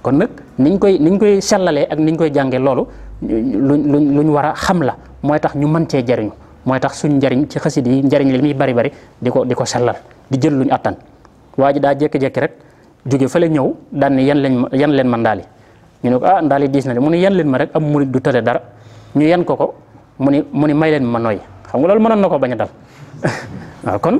kon nag niñ koy niñ koy sellalee ak niñ koy jàngee loolu luñ luñ luñ war a xam la mooy tax ñu mën cee jariñu mooy tax suñ njariñ ci xasit yi njariñ li muy bari bari di ko di ko sellal di jël luñ attan waa ji daa jékki-jékki rek jóge fële ñëw daan yan leen yan leen ma ndaali ñu ne ko ah ndaali diis na de mu ne yan leen ma rek am murit du tële dara ñu yan ko ko mu ni mu ni may leen ma nooy xam nga loolu mënoon na ko bañ a dal waaw kon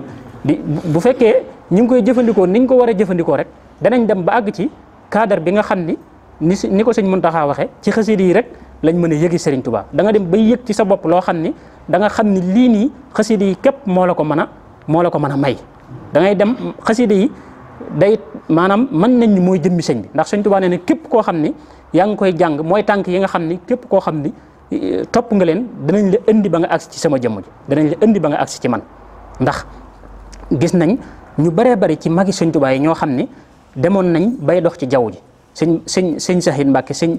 bu fekkee ñu ngi koy jëfandikoo ni ñu ko war a jëfandikoo rek danañ dem ba àgg ci cadre bi nga xam ni ni si ni ko sëñ Muntaxa waxee ci xasida yi rek lañ mën a yëgi Serigne Touba da dem bay yëg ci sa bopp loo xam ni danga xam ni lii nii xasida yi képp moo la ko mën moo la ko mën a may dangay dem xasida yi day maanaam mën nañ ni mooy jëmmi sëñ bi ndax sëñ Touba nee na képp koo xam ni yaa ngi koy jàng mooy tànk yi nga xam ni képp koo xam ni topp nga leen danañ la indi ba nga agsi ci sama jëmm ji danañ la indi ba nga agsi ci man ndax gis nañ ñu bëree bëri ci magi sëñ ñoo xam ni demoon nañ bay dox ci jaww ji sëñ sëñ sëñ saxin mbàkke sëñ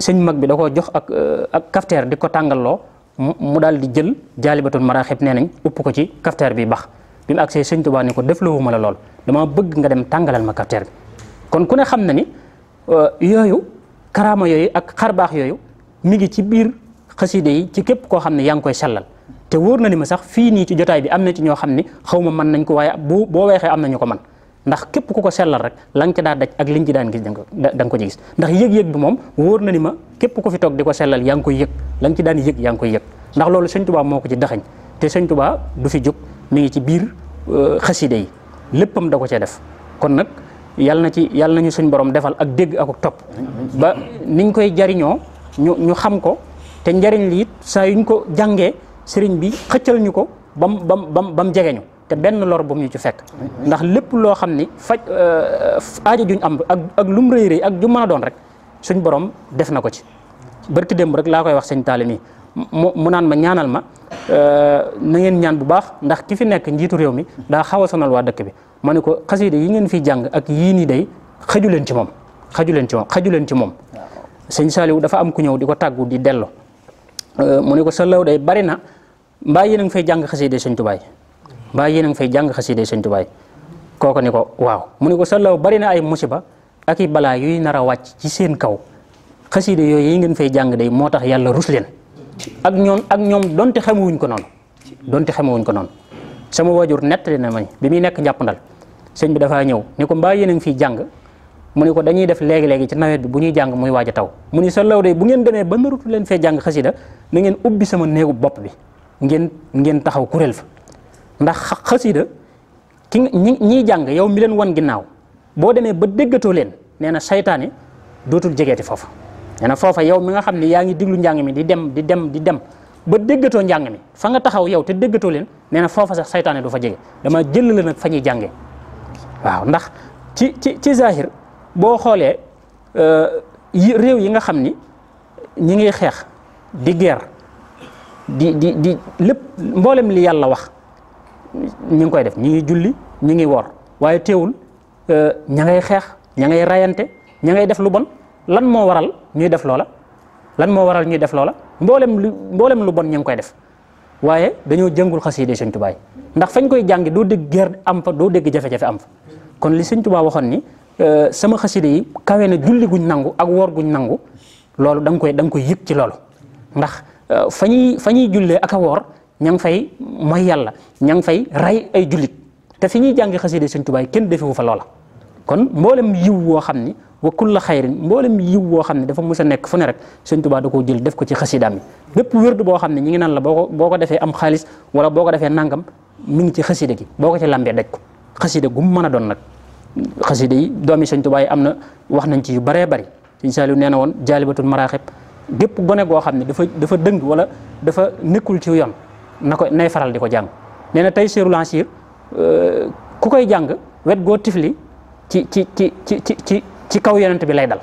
sëñ mag bi da koo jox ak euh, ak kafteer di ko tàngalloo mu daal di jël jaalibatul maraaxib nee nañ upp ko ci kafteer bi bax bi mu agsee sëñ Tuubaa ko def lawuma la lool dama bëgg nga dem tàngalal ma kafteer bi kon ku ne xam na ni euh, yooyu karaama yooyu ak xarbaax yooyu mi ngi ci biir xaside yi ci képp koo xam ne yaa ngi koy sellal te wóor na ni ma sax fii nii ci jotaay bi am na ci ñoo xam ne xaw ma mën nañ ko waaye boo boo weexee am na ñu ko man ndax képp ku ko sellal rek la nga ci daa daj ak liñ ci daan gis da nga ko ci gis ndax yëg-yëg bi moom wóor na ni ma képp ku fi toog di ko sellal yaa ngi koy yëg la nga ci daan yëg yaa koy yëg ndax loolu sëñ tubaa moo ko ci daxañ te sëñ tubaa du fi jóg mu ngi ci biir euh, xaside yi léppam da ko cee def kon nag yàlla na ci yàlla nañu suñ borom defal ak dégg ak topp ba niñ koy jariñoo ñu ñu xam ko te njariñ li saa yuñ ko jàngee sëriñ bi xëccal ñu ko bam bam bam bam jegeñu te benn lor bu mu ñu ci fekk ndax lépp loo xam ni faj euh, euh, aajo juñ am ak ak lu mu rëy rëy ak ju doon rek suñ borom def na ko ci barki démb rek laa koy wax sëñ taali mu mu naan ma ñaanal ma euh, na ngeen ñaan bu baax ndax ki fi nekk njiitu réew mi daa xaw a sonal waa dëkk bi ma ne ko xasida yi ngeen fiy jàng ak yii nii day xaju leen ci moom xaju leen ci moom xaju leen ci moom sëñ Saliou dafa am ku ñëw di ko tàggu di dello mu ne ko sa law day bari na mbaa yi a ngi fay jàng xasida sëñ Tuubaa mbaa yéen a ngi fay jàng xasida sëñ Tuubaa kooku ni ko waaw mu ne ko sa law bari na ay musiba ak i balaa yuy nar a wàcc ci seen kaw xasida yooyu yi ngeen fay jàng day moo tax yàlla rus leen ak ñoom ak ñoom donte xamewuñ ko noonu donte xamewuñ ko noonu sama waajur nettali na ma bi muy nekk njàppandal sëñ bi dafaa ñëw ni ko mbaa yéen a ngi fiy jàng mu ne ko dañuy def léegi-léegi ci nawet bi bu ñuy jàng muy waaj a taw mu ni sa law day bu ngeen demee ba narutu leen fee jàng xasida na ngeen ubbi sama néegu bopp bi ngeen ngeen taxaw kuréel fa ndax xasida ki ñi ñiy jàng yow mi leen wan ginnaaw boo demee ba déggatoo leen nee na saytaane dootul jege jegeeti foofa nee na foofa yow mi nga xam ni yaa ngi diglu njàng mi di dem di dem di dem ba déggatoo njàng mi fa nga taxaw yow te déggatoo leen nee na foofa sax saytaane du fa jege dama jël la nag fa ñuy jàngee waaw ndax ci ci ci zahir boo xoolee euh, yi réew yi nga xam ni ñi ngi xeex di guerre di di di lépp mboolem li yàlla wax ñu ngi koy def ñi ngi julli ñi ngi wor waaye teewul euh, ña ngay xeex ña ngay rayante ña ngay def lu bon lan moo waral ñuy def loola lan moo waral ñuy def loola mboolem lu mboolem lu bon ña ngi koy def waaye dañoo jëngul xasida Sëñ Tuubaa ndax fañ koy jàngi doo dégg guerre am fa doo dégg jafe-jafe am fa kon li Sëñ Tuubaa waxoon ni euh, sama xasida yi kawe na julli guñ nangu ak woor guñ nangu loolu da nga koy danga koy yëg ci loolu ndax euh, fa ñuy fa ñuy jullee ak a woor ña ngi fay mooy yàlla ña ngi fay rey ay jullit te fi ñuy jàng xasida Sëñ Tuubaa kenn defewu fa loola kon mboolem yiw woo xam ni wa kulla xayrin mboolem yiw woo xam ne dafa mës a nekk fu ne rek Sëñ Tuubaa da koo jël def ko ci xasidaam yi bépp wérdu boo xam ne ñi ngi naan la boo ko boo ko defee am wala boo ko defee nangam mi ngi ci xasida gi boo ko ci lambee daj ko xasida gu mën a doon nag xasida yi doomi Sëñ Tuubaa yi am na wax nañ ci yu baree bari Sëñ Saaliw nee na woon jaalibatul maraaxib gépp gone goo xam ne dafa dafa dëng wala dafa nekkul ci yoon na ko nay faral di ko jàng nee na tey séerul ansir euh, ku koy jàng wet goo tifli ci ci ci ci ci ci ci kaw yonent bi lay dal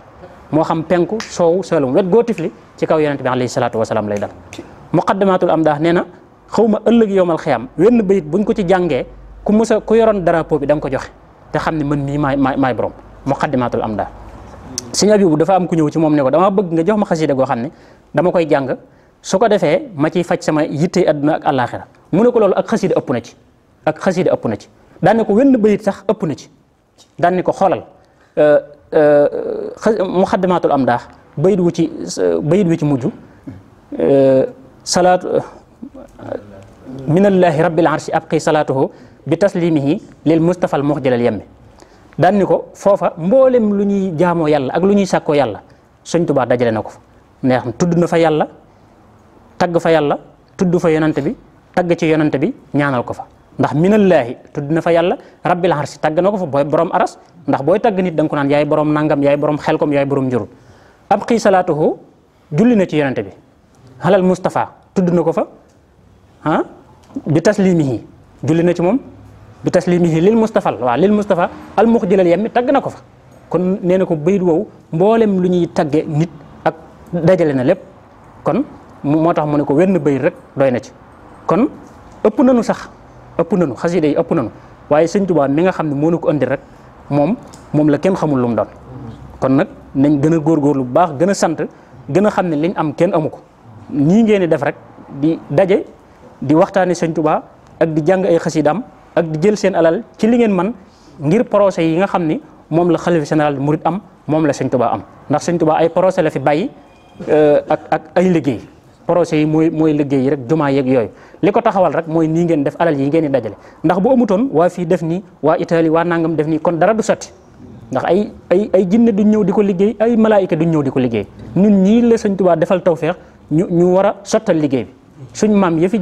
moo xam penku soow saalum wet goo tifli ci kaw yonent bi alayhi salaatu wasalaam lay dal muqaddamatul am daax nee na xaw ma ëllëg yowmal xiyam wenn bayit buñ ko ci jàngee ku musa ku yoroon drapeau bi da nga ko joxe te xam ne man mii maay maay maay borom muqaddamatul am daax sëñ Abibu dafa am ku ñëw ci moom ne ko dama bëgg nga jox ma xasida goo xam ne dama koy su ko defee ma ciy faj sama yitte àdduna ak àllaaxira mu ne ko loolu ak xasida ëpp na ci ak xasida ëpp na ci daan ne ko wenn bayit sax ëpp na ci daan ne ko xoolal euh, euh, muxaddamaatul am daax bayit wu ci bayit wu ci mujj euh, salaatu minallaahi rabbil arshi abqi salaatuhu bi taslimihi lil mustapha al muxjalal yemmi daan ni ko foofa mboolem lu ñuy jaamoo yàlla ak lu ñuy sàkkoo yàlla Sëñ Tuubaa dajale na ko fa neex tudd na fa yàlla tagg fa yàlla tudd fa yonante bi tagg ci yonante bi ñaanal ko fa ndax minallaahi tudd na fa yàlla rabbil arsi tagg na ko fa booy borom aras ndax booy tagg nit da ko naan yaay borom nangam yaay borom xelkom yaay borom njurul ab xii salaatuhu na ci yonante bi halal Moustapha tudd na ko fa ah bi taslimihi julli na ci moom bi taslimihi lil Moustapha waa lil Moustapha al muxjilal yemmi tagg na ko fa kon nee ko bayit woowu mboolem lu ñuy tagge nit ak dajale na lépp kon moo tax mu ne ko wenn bayit rek doy na ci kon ëpp nanu sax ëpp nanu xasida yi ëpp nanu waaye sëñ Tuubaa mi nga xam ne moo nu ko indi rek moom moom la kenn xamul lu mu doon kon nag nañ gën a góor góor lu baax gën a sant gën a xam ne liñ am kenn amu ko nii ngeen def rek di daje di waxtaane sëñ Tuubaa ak di jàng ay xasidaam ak di jël seen alal ci li ngeen man ngir procès yi nga xam ni moom la xalifa général murid am moom la sëñ Tuubaa am ndax sëñ Tuubaa ay procès la fi bàyyi euh, ak ak ay liggéey projet yi mooy mooy liggéey yi rek jumaa yeeg yooyu li ko taxawal rek mooy nii ngeen def alal yi ngeen di dajale ndax boo amutoon waa fi def nii waa itali waa nangam def nii kon dara du sotti ndax ay ay ay jinne du ñëw di ko liggéey ay malaayika du ñëw di ko liggéey ñun ñii la sëñ Tuubaa defal tawféex ñu ñu war a sottal liggéey bi suñ maam ya fi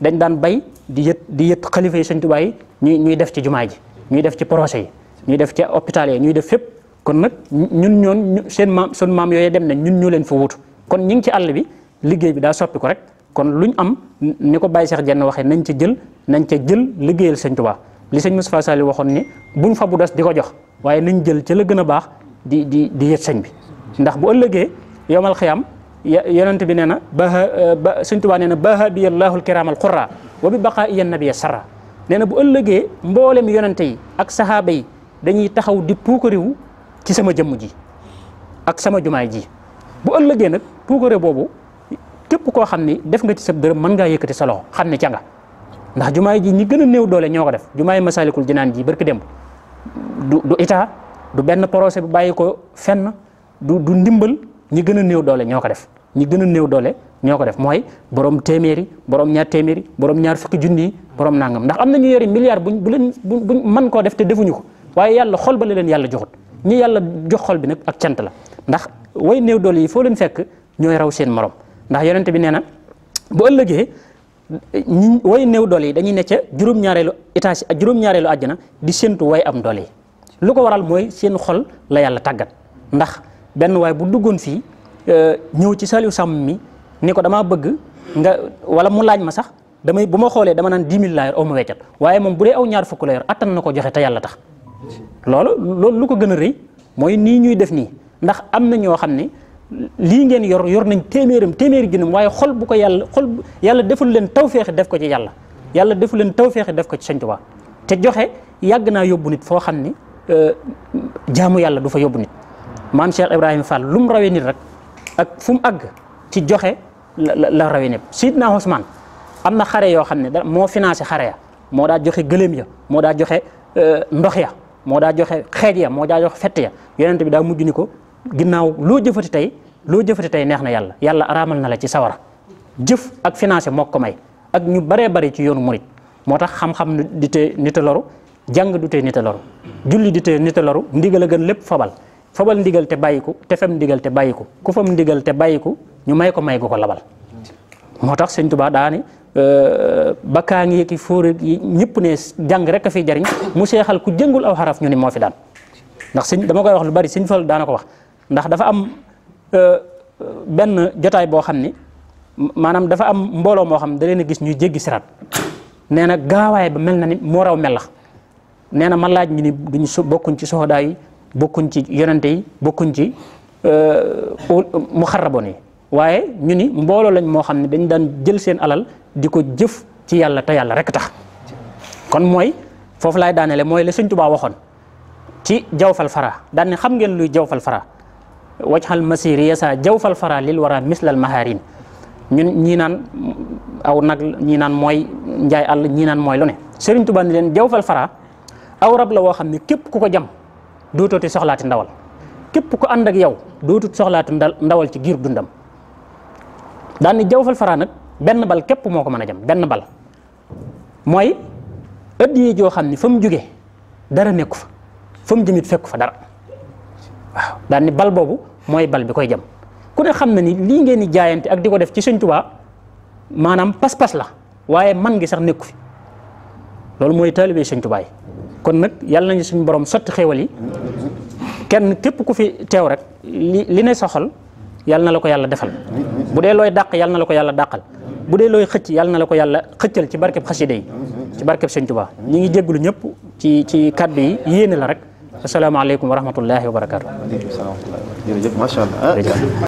dañ daan bay di yët di yët xalifa yi sëñ ñuy def ci jumaa ji ñuy def ci proce yi ñuy def ci hôpital yi ñuy def fépp kon nag ñun ñoon seen maam seen maam yooyu dem na ñun ñu leen fa kon ñi ngi ci àll bi liggéey bi daa soppi ko rek kon luñ am ni ko Baye Cheikh Jenn waxee nañ ca jël nañ ca jël liggéeyal sëñ Tuubaa li sëñ Moustapha Sall waxoon ni buñ fa bu des di ko jox waaye nañ jël ca la gën a baax di di di yët sëñ bi ndax bu ëllëgee yowmal xiyaam yonent bi nee na eh, ba sëñ Tuubaa nee na bahaadiyallaahu alkiraamal xurraa wa bi baqaa iyan nabiyya sarra nee na bu ëllëgee mboole mi yonente yi ak saxaaba yi dañuy taxaw di puukariwu ci sama jëmm ji ak sama jumaay ji bu ëllëgee nag puukare boobu képp koo xam ni def nga ci sab dërëm mën ngaa yëkkati sa xam ne ca nga ndax jumaay ji ñi gën a néew doole ñoo ko def jumaay masalikul jinaan ji barki démb du du état du benn projet bu bàyyi ko fenn du du ndimbal ñi gën a néew doole ñoo ko def ñi gën a néew doole ñoo ko def mooy borom téeméeri borom ñaar téeméeri borom ñaar fukki junni yi borom nangam ndax am na ñu yori milliard bu leen buñ mën koo def te defuñu ko waaye yàlla xol ba la leen yàlla joxut ñi yàlla jox xol bi nag ak cant la ndax way néew doole yi foo leen fekk ñooy raw seen morom ndax yonent bi nee na bu ëllëgee ñi way new doole yi dañuy ne ca juróom-ñaareelu étage ak juróom-ñaareelu di séntu woy am doole yi lu ko waral mooy seen xol la yàlla tàggat ndax benn waay bu duggoon fii euh, ñëw ci Saliou sàmm mi ni ko damaa bëgg nga wala mu laaj ma sax damay bu ma xoolee dama naan 10 000 laa yor aw ma weccat waaye moom bu dee aw ñaar fukk la yor attan na ko joxe te yàlla tax loolu loolu lu ko gën a rëy mooy nii ñuy def nii ndax am na ñoo xam ni lii ngeen yor yor nañ téeméeram téeméeri junneem waaye xol bu ko yàlla xol yàlla deful leen tawféex def ko ci yàlla yàlla deful leen taw tawféex def ko ci Sëñ Tuubaa te joxe yàgg naa yóbbu nit foo xam ni euh, jaamu yàlla du fa yóbbu nit maam Cheikh Ibrahima Fall lu mu rawee nit rek ak fu mu àgg ci joxe la la rawee nit Sidna Ousmane am na xare yoo xam ne da moo financé xare ya moo daa joxe gëléem ya moo daa joxe euh, ndox ya moo daa joxe xeej ya moo daa joxe fett ya yonent bi daa mujj ko ginnaaw loo jëfati tey loo jëfati tey neex na yàlla yàlla araamal na la ci sawara jëf ak financé moo ko may ak ñu baree bari ci yoonu murit moo tax xam-xam du tee nit a loru jàng du tee nit a loru julli du tee nit a loru ndigal a gën lépp fabal fabal ndigal te bàyyiku te fam ndigal te bàyyiku ku fam ndigal te bàyyiku ñu may ko may gu ko labal moo tax sëñ Tuubaa daa ni bakkaa ngi ki fóore yi ñëpp ne jàng rek a fi jariñ mu seexal ku jëngul aw xaraf ñu ni moo fi daan ndax dama Euh, benn jotaay boo xam ni maanaam dafa am mbooloo moo xam da leen a gis ñuy jéggi siraat nee na gaawaay ba mel na ni moo raw melax nee na ma laaj ñu ni duñu su bokkuñ ci soxodaa yi bokkuñ ci yonente yi bokkuñ ci mu euh, muxarraboon yi waaye ñu ni mbooloo lañ moo xam ne dañ daan jël seen alal di ko jëf ci yàlla te yàlla rek tax kon mooy foofu laay daanele mooy la sëñ Tuubaa waxoon ci jawfal fara daan ne xam ngeen luy jawfal faraa wajxal masiri yasa jawfal fara lil wara mislal maharin ñun ñii naan aw nag ñii naan mooy njaay àll ñii naan mooy lu ne Sëriñ Tuubaa ni leen jawfal fara aw rab la woo xam ne képp ku ko jam doototi soxlaati ndawal képp ku ànd ak yow dootut soxlaati ndawal ci giir dundam daan ni jawfal fara nag benn bal képp moo ko mën a jam benn bal mooy ëddiyee xam ne fa mu jóge dara nekku fa fa mu fekku fa dara daan ni bal boobu mooy bal bi koy jam ku ne xam na ni lii ngeen di jaayante ak di ko def ci Sëñ Tuubaa maanaam pas-pas la waaye man ngi sax nekku fi loolu mooy taalibe Sëñ Tuubaa yi kon nag yàlla nañu suñu borom sotti xéewal kenn képp ku fi teew rek li li ne soxal yàlla na la ko yàlla defal bu dee looy dàq yàlla na la ko yàlla dàqal bu dee looy xëcc yàlla na la ko yàlla xëccal ci barkeb xasida yi ci barkeb Sëñ Tuubaa ñi ngi jégglu ñëpp ci ci kàddu yi yéene la rek asalaamaaleykum wa rahmatullahi wa barakaatu. jërëjëf macha allah.